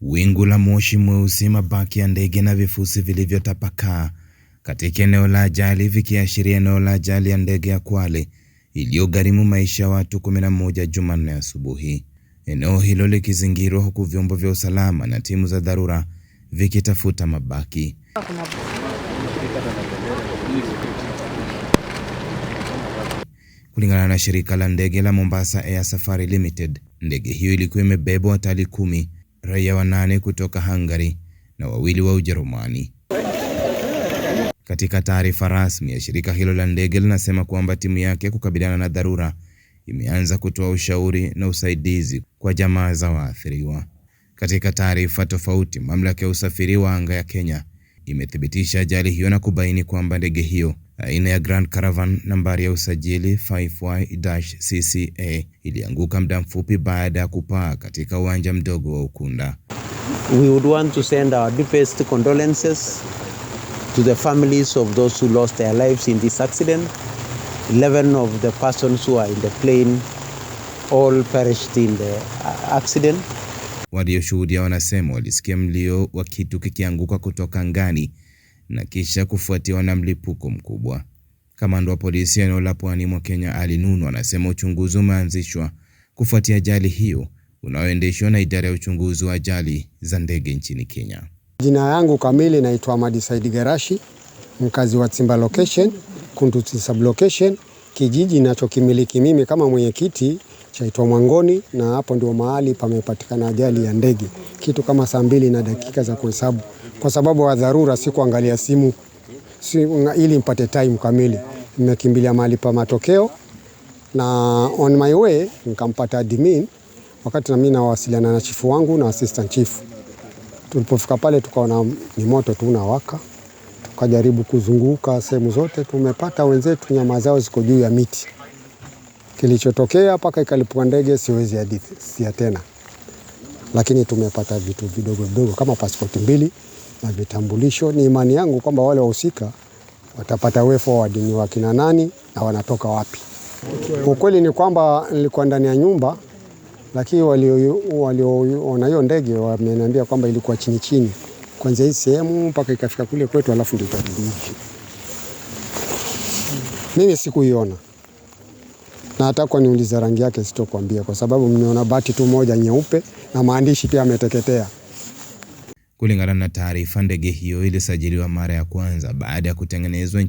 Wingu la moshi mweusi, mabaki ya ndege na vifusi vilivyotapakaa katika eneo la ajali, vikiashiria eneo la ajali ya ndege ya Kwale iliyogharimu maisha ya watu 11 Jumanne asubuhi, eneo hilo likizingirwa huku vyombo vya usalama na timu za dharura vikitafuta mabaki. Kulingana na shirika la ndege la Mombasa Air Safari Limited, Ndege hiyo ilikuwa imebeba watalii kumi, raia wanane kutoka Hungary na wawili wa Ujerumani. Katika taarifa rasmi ya shirika hilo la ndege linasema kwamba timu yake kukabiliana na dharura imeanza kutoa ushauri na usaidizi kwa jamaa za waathiriwa. Katika taarifa tofauti, mamlaka ya usafiri wa anga ya Kenya imethibitisha ajali hiyo na kubaini kwamba ndege hiyo aina ya Grand Caravan nambari ya usajili 5Y-CCA ilianguka muda mfupi baada ya kupaa katika uwanja mdogo wa Ukunda. We would want to send our deepest condolences to the families of those who lost their lives in this accident. 11 of the persons who are in the plane all perished in the uh, accident. Walioshuhudia wanasema walisikia mlio wa kitu kikianguka kutoka ngani na kisha kufuatiwa na mlipuko mkubwa. Kamanda wa polisi eneo la pwani mwa Kenya Ali Nunu anasema uchunguzi umeanzishwa kufuatia ajali hiyo unaoendeshwa na idara ya uchunguzi wa ajali za ndege nchini Kenya. Jina yangu kamili naitwa Ahmadi Said Garashi, mkazi wa Tsimba location, Kunduchi sub location. Kijiji nachokimiliki mimi kama mwenyekiti chaitwa Mwangoni, na hapo ndio mahali pamepatikana ajali ya ndege kitu kama saa mbili na dakika za kuhesabu kwa sababu wa dharura, si kuangalia simu si, ili mpate time kamili. Nimekimbilia mahali pa matokeo na on my way nikampata admin wakati nami nawasiliana na chifu wangu na assistant chief. Tulipofika pale tukaona ni moto tu unawaka, tukajaribu kuzunguka sehemu zote, tumepata wenzetu nyama zao ziko juu ya miti. Kilichotokea mpaka ikalipua ndege siwezi hadithi sia tena, lakini tumepata vitu vidogo vidogo kama pasipoti mbili na vitambulisho. Ni imani yangu kwamba wale wahusika watapata wefo wa dini wa kina nani na wanatoka wapi. Ukweli ni kwamba nilikuwa ndani ya nyumba, lakini walioona hiyo ndege wameniambia kwamba ilikuwa chini chini, kwanzia hii sehemu mpaka ikafika kule kwetu, alafu ndio ikadidimiki. Mimi sikuiona na hata kwa niuliza rangi yake sitokuambia, kwa sababu mmeona bati tu moja nyeupe na maandishi pia ameteketea. Kulingana na taarifa, ndege hiyo ilisajiliwa mara ya kwanza baada ya kutengenezwa nchini